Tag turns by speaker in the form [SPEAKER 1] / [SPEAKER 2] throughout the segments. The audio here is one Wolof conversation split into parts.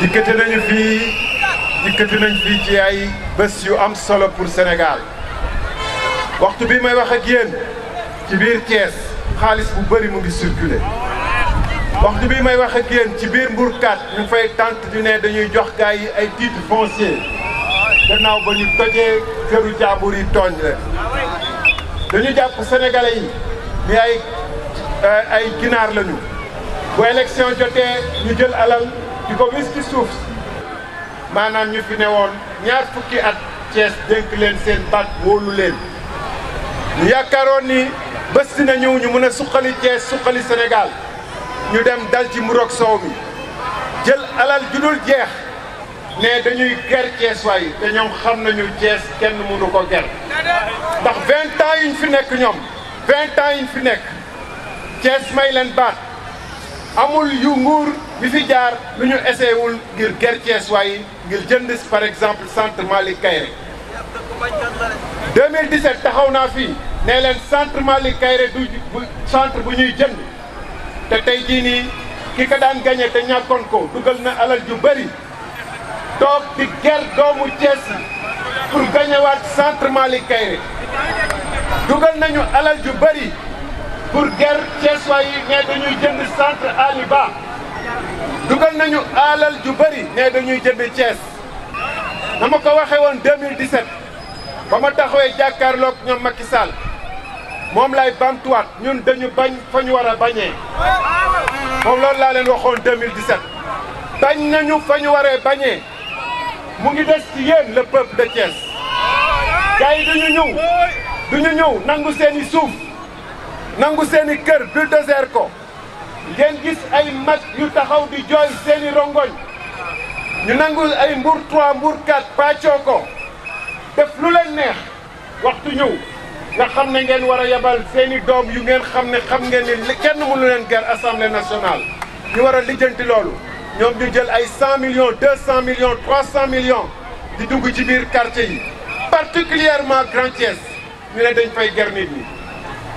[SPEAKER 1] dikkati nañu fii dikkati nañ fii ci ay bés yu am solo pour Sénégal waxtu bi may wax ak yéen ci biir Thiès xaalis bu bëri mu ngi circulé waxtu bi may wax ak yéen ci biir Mbourkat ñu fay tànt di ne dañuy jox gars yi ay titre foncier gannaaw ba ñu tojee këru jaambur yi tooñ leen dañu jàpp sénégalais yi ay ay ginaar lañu bu élection jotee ñu jël alal di ko wis ci suuf maanaam ñu fi ne woon ñaar fukki at Thiès dénk leen seen baat wóolu leen ñu yaakaaroon ni bés dina ñëw ñu mën a suqali Thiès suqali senegaal ñu dem dal ci mburoog soow mi jël alal ju dul jeex ne dañuy ger Thiès waay te ñoom xam nañu Thiès kenn mënu ko ger ndax vingt ans yi ñu fi nekk ñoom vingt ans yi ñu fi nekk Thiès may leen baat amul yu nguur bi fi jaar lu ñu essayé wul ngir gertees waaye ngir jënd par exemple centre Malick Kayre 2017 taxaw naa fi nee leen centre Malick Kayre du centre bu ñuy jënd te tey jii nii ki ko daan gagné te ñàkkoon ko dugal na alal ju bëri toog di ger doomu Thiès pour gagné waat centre Malick Kayre dugal nañu alal ju bëri. pour guerre Thiessois yi ne dañuy jënd sant Ali Ba dugal nañu alal ju bari ne dañuy jënd Thiès dama ko waxee woon 2017 ba ma taxawee jàkkaarloog ñoom Macky Sall moom lay bamtuwaat ñun dañu bañ fa ñu war a bañee moom loolu laa leen waxoon 2017 bañ nañu fa ñu waree bañee mu ngi des ci yéen le peuple de Thiès gars duñu ñëw duñu ñëw nangu seeni suuf nangu seeni i kër bulldozer ko ngeen gis ay mat yu taxaw di jooy seen i rongoñ ñu nangu ay Mbour 3 Mbour 4 pàccoo ko def lu leen neex waxtu ñëw nga xam ne ngeen war a yebal seen i doom yu ngeen xam ne xam ngeen ni kenn mënu leen ger assemblée nationale ñu war a lijjanti loolu ñoom ñu jël ay 100 millions 200 millions 300 millions di dugg ci biir quartier yi particulièrement Grand Thiès ñu ne dañ fay ger nit ñi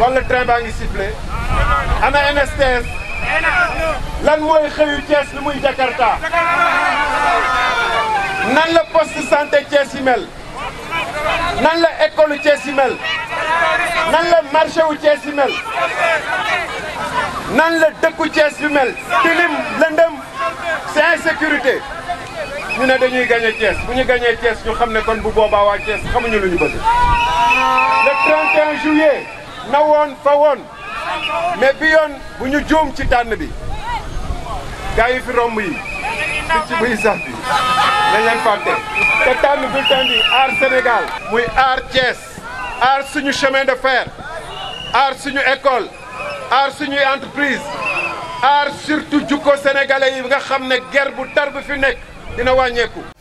[SPEAKER 1] wala train baa ngi sifflé ana NSTS lan mooy xëyu Thiès lu muy Jakarta nan la poste santé Thiès yi nan la école Thiès yi nan la marché wu Thiès yi nan la deku Thiès yu mel tilim lëndëm c'est insécurité ñu ne dañuy gagné Thiès bu ñu gagné Thiès ñu xam ne kon bu boobaa waa Thiès xamuñu lu ñu bëgg le 31 juillet na woon fa woon mais bi yoon bu ñu juum ci tànn bi gars yi fi romb yi picc buy sax bi nañ leen fàtte te tànn bulletin bi aar Sénégal muy aar Thiès aar suñu chemin de fer aar suñu école aar suñuy entreprise aar surtout jukko sénégalais yi nga xam ne guerre bu tar bu fi nekk dina wàññeeku